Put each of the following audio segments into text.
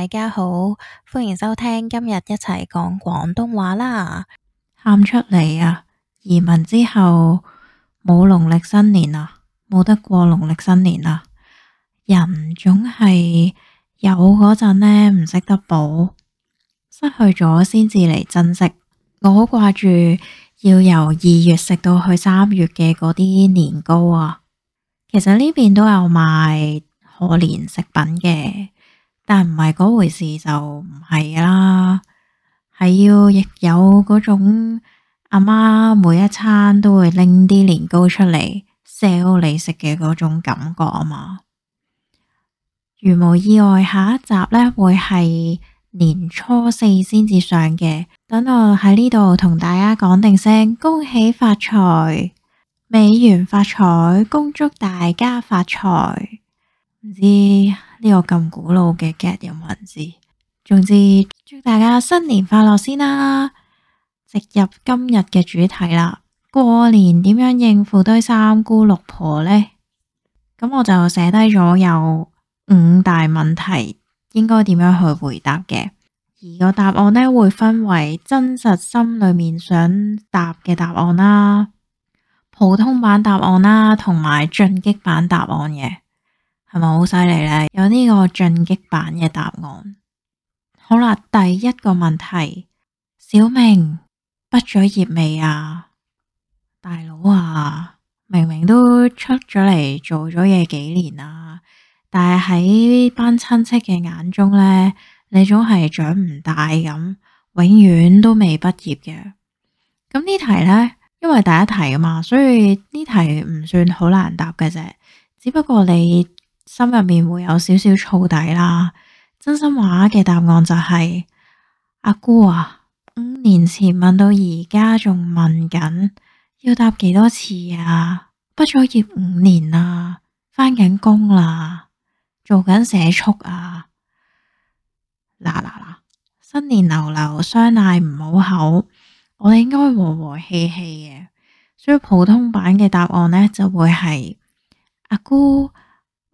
大家好，歡迎收聽今日一齊講廣東話啦！喊出嚟啊！移民之後冇農曆新年啦，冇得過農曆新年啦。人總係有嗰陣呢，唔識得補，失去咗先至嚟珍惜。我好掛住要由二月食到去三月嘅嗰啲年糕啊！其實呢邊都有賣賀年食品嘅。但唔係嗰回事就唔係啦，係要亦有嗰種阿媽每一餐都會拎啲年糕出嚟 sell 你食嘅嗰種感覺啊嘛。如無意外，下一集呢會係年初四先至上嘅。等我喺呢度同大家講定聲，恭喜發財，美元發財，恭祝大家發財，唔知。呢個咁古老嘅 get 人文字，總之祝大家新年快樂先啦！直入今日嘅主題啦，過年點樣應付堆三姑六婆呢？咁我就寫低咗有五大問題，應該點樣去回答嘅？而個答案呢，會分為真實心裏面想答嘅答案啦、普通版答案啦，同埋進擊版答案嘅。係咪好犀利咧？有呢個進擊版嘅答案。好啦，第一個問題，小明畢咗業未啊？大佬啊，明明都出咗嚟做咗嘢幾年啦，但係喺呢班親戚嘅眼中咧，你總係長唔大咁，永遠都未畢業嘅。咁呢題咧，因為第一題啊嘛，所以呢題唔算好難答嘅啫，只不過你。心入面會有少少燥底啦。真心話嘅答案就係、是、阿姑啊，五年前問到而家仲問緊，要答幾多次啊？畢咗業五年啦，啊，翻緊工啦，做緊社畜啊！嗱嗱嗱，新年流流，相嗌唔好口，我哋應該和和氣氣嘅。所以普通版嘅答案呢，就會係阿姑。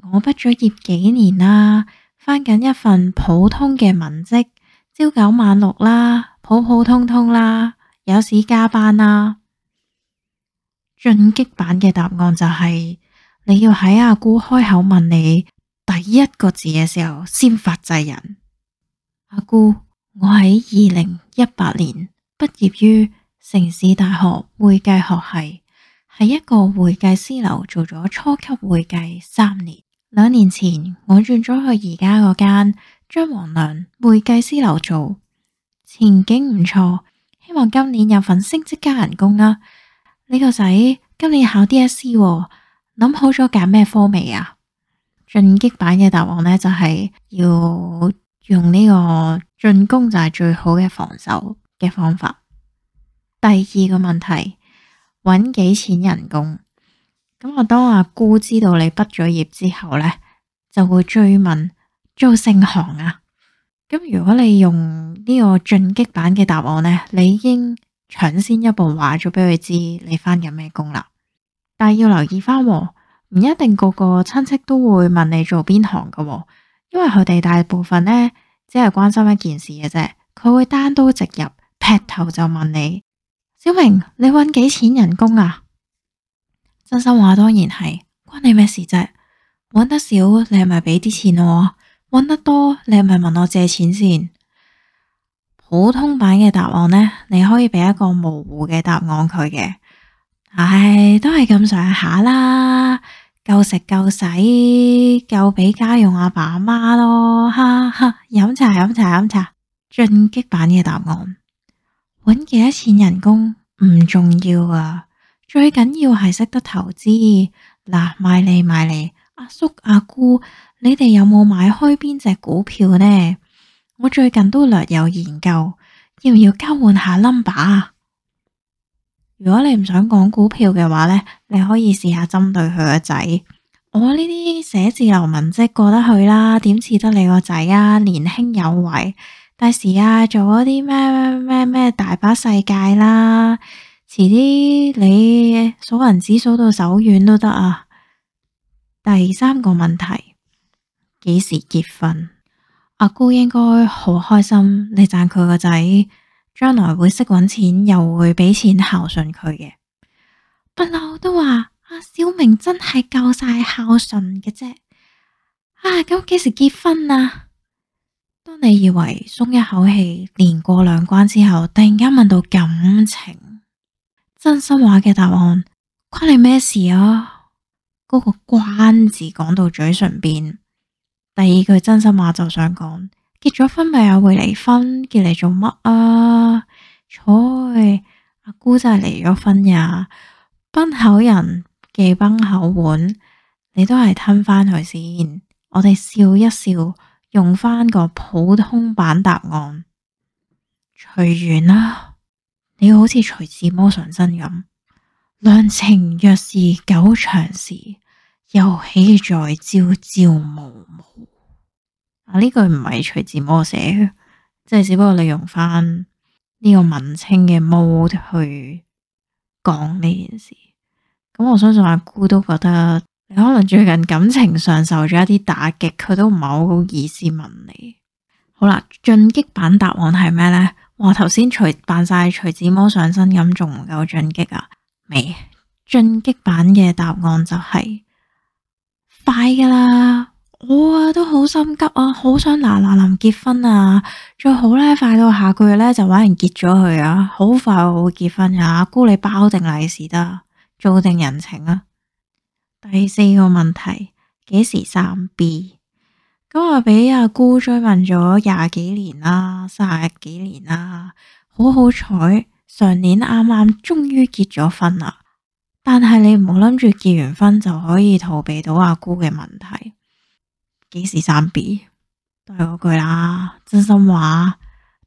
我畢咗業幾年啦，翻緊一份普通嘅文職，朝九晚六啦，普普通通啦，有時加班啦。進擊版嘅答案就係你要喺阿姑開口問你第一個字嘅時候先發制人。阿姑，我喺二零一八年畢業於城市大學會計學系。係一個會計師樓做咗初級會計三年，兩年前我轉咗去而家嗰間張黃良會計師樓做，前景唔錯，希望今年有份升職加人工啊！呢個仔今年考 DSE 喎，諗好咗揀咩科未啊？進擊版嘅答案呢，就係要用呢個進攻就係最好嘅防守嘅方法。第二個問題。揾幾錢人工？咁我當阿姑知道你畢咗業之後呢，就會追問做盛行啊。咁如果你用呢個進擊版嘅答案呢，你已經搶先一步話咗俾佢知你返緊咩工啦。但係要留意翻，唔一定個個親戚都會問你做邊行噶，因為佢哋大部分呢，只係關心一件事嘅啫，佢會單刀直入劈頭就問你。小明，你揾幾錢人工啊？真心話當然係，關你咩事啫？揾得少，你係咪畀啲錢我啊？揾得多，你係咪問我借錢先啊？普通版嘅答案呢？你可以畀一個模糊嘅答案佢嘅，唉，都係咁上下啦，夠食夠使，夠畀家用阿爸阿媽咯，哈哈！飲茶飲茶飲茶，進擊版嘅答案。揾幾多錢人工唔重要啊，最緊要係識得投資。嗱，買嚟買嚟，阿叔阿姑，你哋有冇買開邊隻股票呢？我最近都略有研究，要唔要交換下 number 啊？如果你唔想講股票嘅話呢，你可以試下針對佢個仔。我呢啲寫字樓文職過得去啦，點似得你個仔啊？年輕有為。第時啊，做嗰啲咩咩咩咩大把世界啦，遲啲你數銀紙數到手軟都得啊。第三個問題，幾時結婚？阿姑應該好開心，你讚佢個仔將來會識揾錢，又會畀錢孝順佢嘅。不嬲都話，阿小明真係夠晒孝順嘅啫。啊，咁幾時結婚啊？你以為鬆一口氣，連過兩關之後，突然間問到感情，真心話嘅答案關你咩事啊？嗰個關字講到嘴唇邊，第二句真心話就想講，結咗婚咪又會離婚，結嚟做乜啊？蔡阿姑真係離咗婚呀，崩口人忌崩口碗，你都係吞返去先，我哋笑一笑。用返個普通版答案，隨緣啦，你好似徐志摩上身咁。兩情若是久長時，又豈在朝朝暮暮？啊，呢句唔係徐志摩寫嘅，即係只不過你用返呢個文青嘅 mode 去講呢件事。咁、嗯、我相信阿姑都覺得。可能最近感情上受咗一啲打擊，佢都唔係好意思問你。好啦，進擊版答案係咩呢？我頭先除扮晒徐志摩上身咁，仲唔夠進擊啊？未？進擊版嘅答案就係、是、 快㗎啦，我啊都好心急啊，好想嗱嗱臨結婚啊，最好咧快到下個月咧就搵人結咗佢啊，好快我會結婚呀、啊，估你包定利是得，做定人情啊。第四個問題，幾時生 B？咁啊，畀阿姑追問咗廿幾年啦、啊，卅幾年啦、啊，好好彩，上年啱啱終於結咗婚啦。但係你唔好諗住結完婚就可以逃避到阿姑嘅問題。幾時生 B？都係嗰句啦，真心話，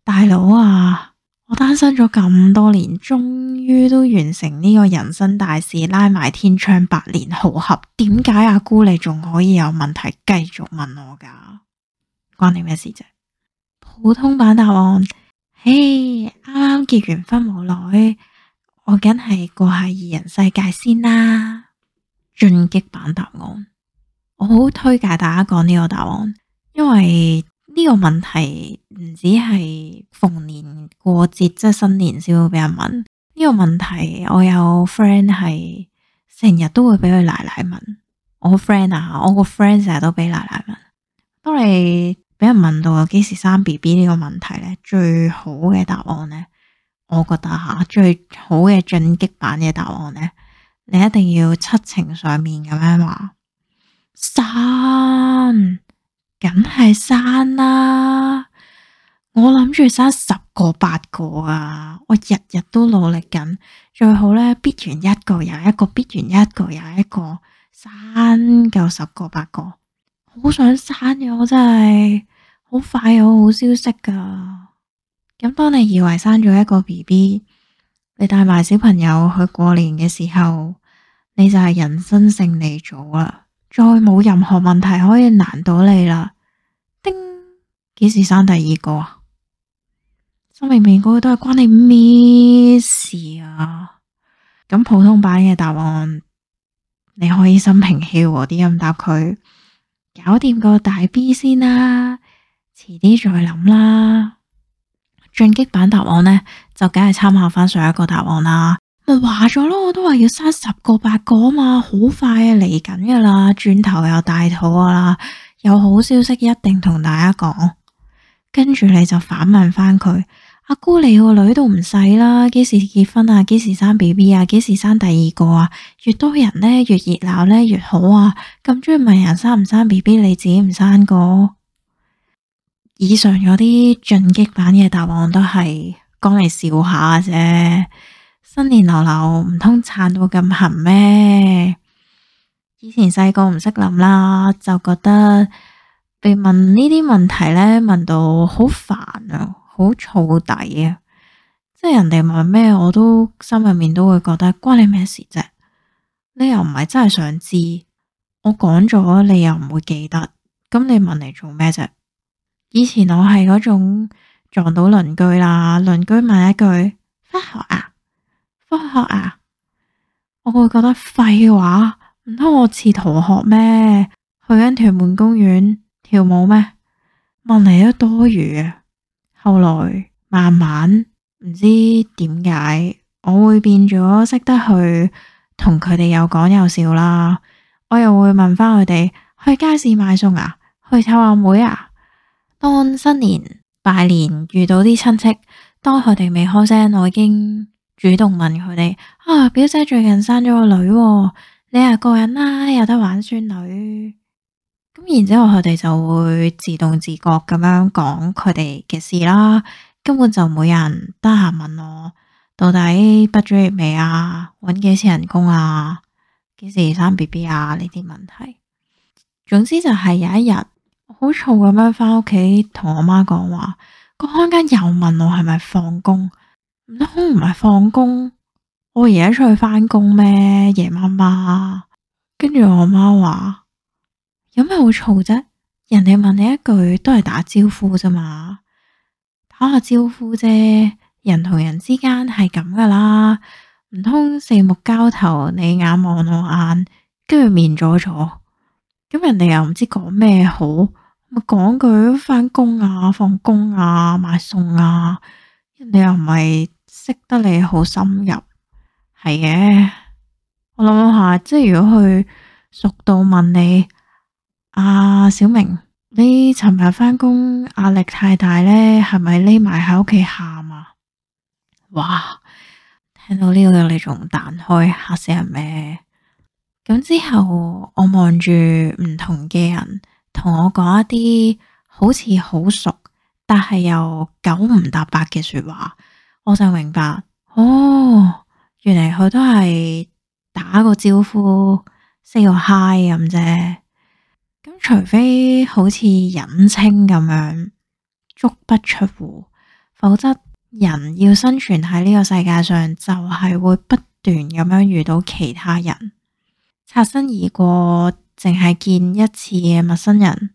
大佬啊！我單身咗咁多年，終於都完成呢個人生大事，拉埋天窗百年好合。點解阿姑你仲可以有問題繼續問我㗎？關你咩事啫？普通版答案，嘿，啱啱結完婚冇耐，我梗係過下二人世界先啦。進擊版答案，我好推介大家講呢個答案，因為。呢個問題唔止係逢年過節，即係新年先會俾人問。呢個問題，我有 friend 係成日都會俾佢奶奶問。我 friend 啊，我個 friend 成日都俾奶奶問。當你俾人問到幾時生 B B 呢個問題咧，最好嘅答案咧，我覺得吓最好嘅進擊版嘅答案咧，你一定要七情上面咁樣話生。三梗係生啦、啊！我諗住生十個八個啊！我日日都努力緊，最好咧，逼完一個又一個，逼完一個又一個，生夠十個八個，好想生啊，我真係好快有好消息噶、啊！咁當你以為生咗一個 BB，你帶埋小朋友去過年嘅時候，你就係人生勝利組啦～再冇任何問題可以難到你啦！叮，幾時生第二個啊？心明明個個都係關你咩事啊？咁普通版嘅答案，你可以心平氣和啲咁答佢，搞掂個大 B 先啦，遲啲再諗啦。進擊版答案呢，就梗係參考返上一個答案啦。咪話咗咯，我都話要生十個八個啊嘛，好快啊，嚟緊噶啦，轉頭又大肚啊啦，有好消息一定同大家講。跟住你就反問翻佢：阿姑你，你個女都唔細啦，幾時結婚啊？幾時生 BB 啊？幾時生第二個啊？越多人呢，越熱鬧呢，越好啊！咁中意問人生唔生 BB，你自己唔生個？以上嗰啲進擊版嘅答案都係講嚟笑下啫。新年流流唔通撐到咁痕咩？以前細個唔識諗啦，就覺得被問呢啲問題咧，問到好煩啊，好燥底啊，即係人哋問咩，我都心入面都會覺得關你咩事啫？你又唔係真係想知，我講咗你又唔會記得，咁你問嚟做咩啫？以前我係嗰種撞到鄰居啦，鄰居問一句：「返學啊？」學啊！我會覺得廢話，唔通我似同學咩？去緊屯門公園跳舞咩？問嚟都多餘啊！後來慢慢唔知點解，我會變咗識得去同佢哋有講有笑啦。我又會問翻佢哋去街市買餸啊，去湊阿妹，妹啊，當新年拜年遇到啲親戚，當佢哋未開聲，我已經。主動問佢哋啊，表姐最近生咗個女，你又過人啦，啊，有得玩孫女。咁然之後佢哋就會自動自覺咁樣講佢哋嘅事啦，根本就冇人得閒問我到底不咗意未啊，搵幾多錢人工啊，幾時生 B B 啊呢啲問題。總之就係有一日，我好嘈咁樣翻屋企同我媽講話，個空間又問我係咪放工。唔通唔係放工，我而家出去翻工咩？夜媽媽，跟住我媽話：有咩好嘈啫？人哋問你一句都係打招呼啫嘛，打下招呼啫。人同人之間係咁噶啦，唔通四目交投，你眼望我眼，跟住面咗咗，咁人哋又唔知講咩好，咪講句翻工啊、放工啊、買餸啊，人哋又唔係。識得你好深入，係嘅。我諗下，即係如果去熟到問你，阿小明，你尋日翻工壓力太大咧，係咪匿埋喺屋企喊啊？哇！聽到呢個嘅你仲彈開，嚇死人咩？咁之後我望住唔同嘅人，同我講一啲好似好熟，但係又九唔搭八嘅說話。我就明白，哦，原嚟佢都係打個招呼，say 個 hi 咁啫。咁除非好似隱青咁樣足不出戶，否則人要生存喺呢個世界上，就係、是、會不斷咁樣遇到其他人，擦身而過，淨係見一次嘅陌生人，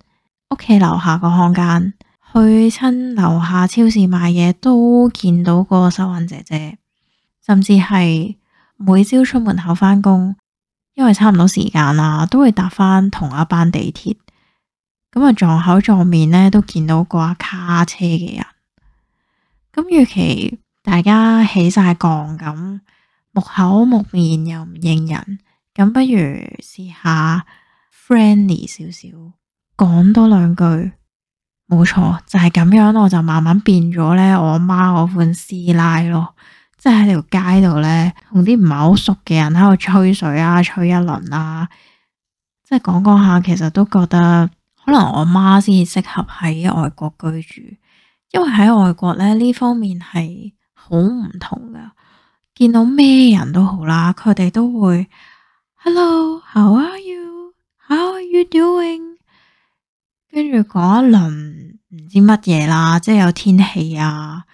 屋企樓下個空間。去親樓下超市買嘢都見到個收銀姐姐，甚至係每朝出門口返工，因為差唔多時間啦，都會搭返同一班地鐵，咁啊撞口撞面咧都見到個卡車嘅人，咁與其大家起晒弶咁，木口木面又唔認人，咁不如試下 friendly 少少，講多兩句。冇錯，就係咁樣，我就慢慢變咗咧。我媽嗰款師奶咯，即係喺條街度咧，同啲唔係好熟嘅人喺度吹水啊，吹一輪啦，即係講講下，其實都覺得可能我媽先適合喺外國居住，因為喺外國咧呢方面係好唔同噶，見到咩人都好啦，佢哋都會，Hello，How are you？How are you doing？跟住講一輪唔知乜嘢啦，即係有天氣啊，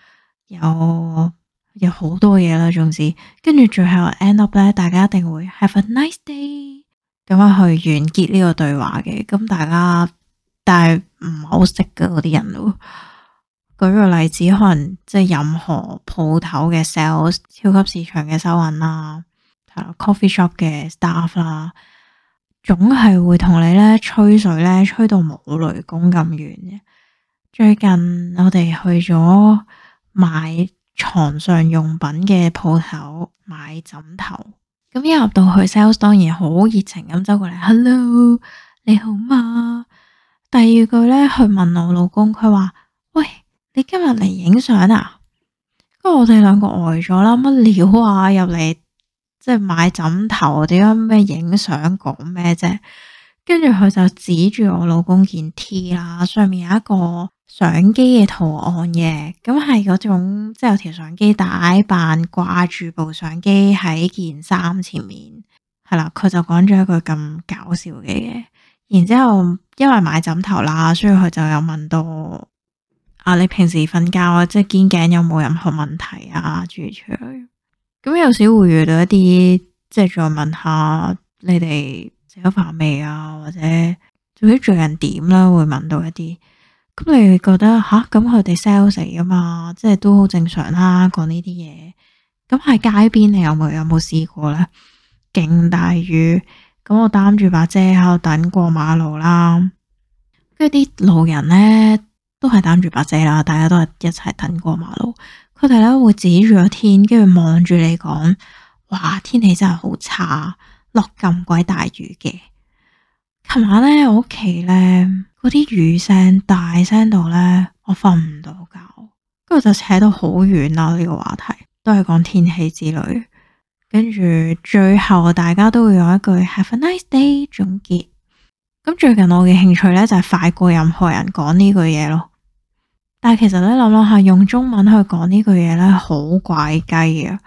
有有好多嘢啦，總之，跟住最後 end up 咧，大家一定會 have a nice day，咁樣去完結呢個對話嘅，咁大家但係唔好識嘅嗰啲人咯。舉個例子，可能即係任何鋪頭嘅 sales、超級市場嘅收銀啦，啊 coffee shop 嘅 staff 啦。總係會同你咧吹水咧吹到冇雷公咁遠嘅。最近我哋去咗買床上用品嘅鋪頭買枕頭，咁一入到去 sales 當然好熱情咁走過嚟，Hello 你好嘛。第二句咧佢問我老公，佢話：喂，你今日嚟影相啊？不過我哋兩個呆咗啦，乜料啊入嚟？即係買枕頭，點樣咩影相講咩啫？跟住佢就指住我老公件 T 啦，上面有一個相機嘅圖案嘅，咁係嗰種即係有條相機帶扮掛住部相機喺件衫前面，係、嗯、啦，佢就講咗一句咁搞笑嘅嘢。然之後因為買枕頭啦，所以佢就有問到啊，你平時瞓覺啊，即係肩頸有冇任何問題啊？諸如此類咁有時會遇到一啲，即係再問下你哋食咗飯未啊，或者做啲最近點啦，會問到一啲。咁你覺得吓？咁佢哋 sell 死嚟噶嘛？即係都好正常啦，講呢啲嘢。咁喺街邊，你有冇有冇試過咧？勁大雨，咁我擔住把遮喺度等過馬路啦。跟住啲路人咧，都係擔住把遮啦，大家都係一齊等過馬路。佢哋咧會指住個天，跟住望住你講：哇，天氣真係好差，落咁鬼大雨嘅。琴晚咧，聲聲我屋企咧，嗰啲雨聲大聲到咧，我瞓唔到覺，跟住就扯到好遠啦。呢個話題都係講天氣之類，跟住最後大家都會有一句 Have a nice day 總結。咁最近我嘅興趣咧就係快過任何人講呢句嘢咯。但係其實咧，諗諗下，用中文去講呢句嘢咧好怪雞啊！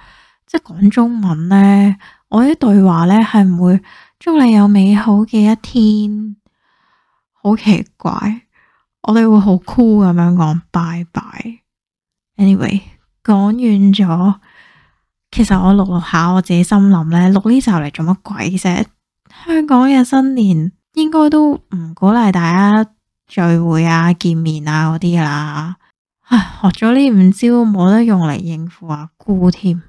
即係講中文咧，我啲對話咧係唔會祝你有美好嘅一天，好奇怪。我哋會好酷 o o l 咁樣講拜拜。Anyway，講完咗，其實我錄錄下我自己心諗咧，錄呢集嚟做乜鬼啫？香港嘅新年應該都唔鼓勵大家。聚會啊、見面啊嗰啲啦，學咗呢五招冇得用嚟應付阿姑添。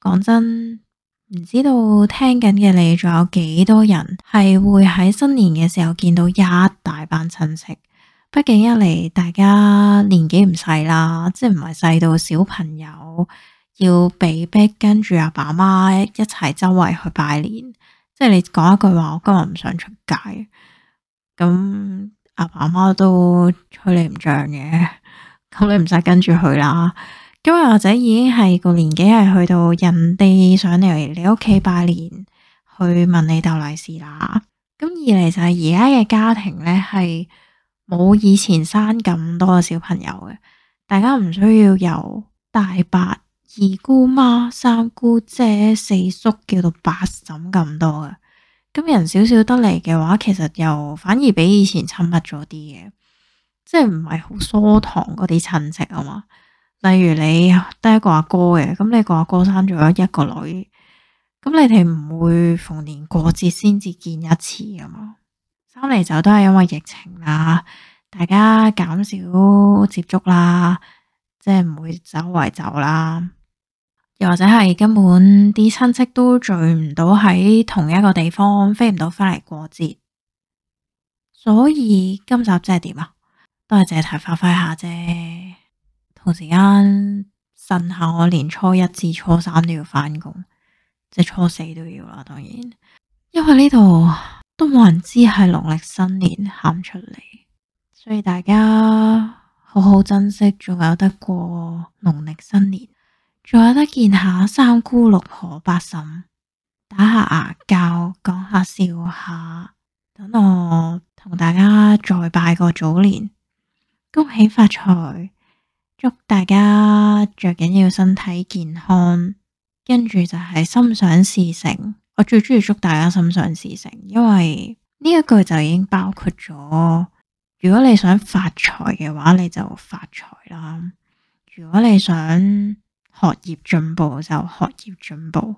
講真，唔知道聽緊嘅你，仲有幾多人係會喺新年嘅時候見到一大班親戚？畢竟一嚟大家年紀唔細啦，即係唔係細到小朋友要被逼跟住阿爸媽一齊周圍去拜年。即係你講一句話，我今日唔想出街咁。阿爸阿媽都吹你唔脹嘅，咁你唔使跟住去啦。今日或者已經係個年紀係去到人哋上嚟你屋企拜年，去問你逗利是啦。咁二嚟就係而家嘅家庭咧，係冇以前生咁多嘅小朋友嘅，大家唔需要有大伯、二姑媽、三姑姐、四叔叫到八嬸咁多嘅。咁人少少得嚟嘅話，其實又反而比以前親密咗啲嘅，即係唔係好疏唐嗰啲親戚啊嘛。例如你得一個阿哥嘅，咁你個阿哥，哥生咗一個女，咁你哋唔會逢年過節先至見一次啊嘛。三嚟就都係因為疫情啦，大家減少接觸啦，即係唔會周圍走啦。又或者係根本啲親戚都聚唔到喺同一個地方，飛唔到返嚟過節，所以今集即係點啊？都係借題發揮下啫。同時間呻下，我年初一至初三都要返工，即係初四都要啦。當然，因為呢度都冇人知係農曆新年喊出嚟，所以大家好好珍惜，仲有得過農曆新年。仲有得見下三姑六婆八嬸，打下牙骹，講下笑下，等我同大家再拜個早年，恭喜發財，祝大家最緊要身體健康，跟住就係心想事成。我最中意祝大家心想事成，因為呢一句就已經包括咗，如果你想發財嘅話，你就發財啦。如果你想學業進步就學業進步，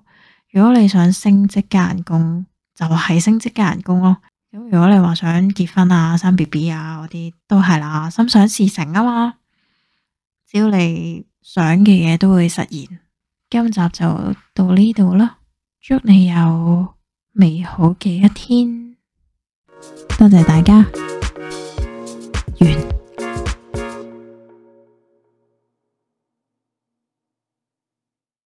如果你想升職加人工就係升職加人工咯。咁如果你話想結婚啊、生 B B 啊嗰啲都係啦，心想事成啊嘛。只要你想嘅嘢，都會實現。今集就到呢度啦，祝你有美好嘅一天。多謝大家。完。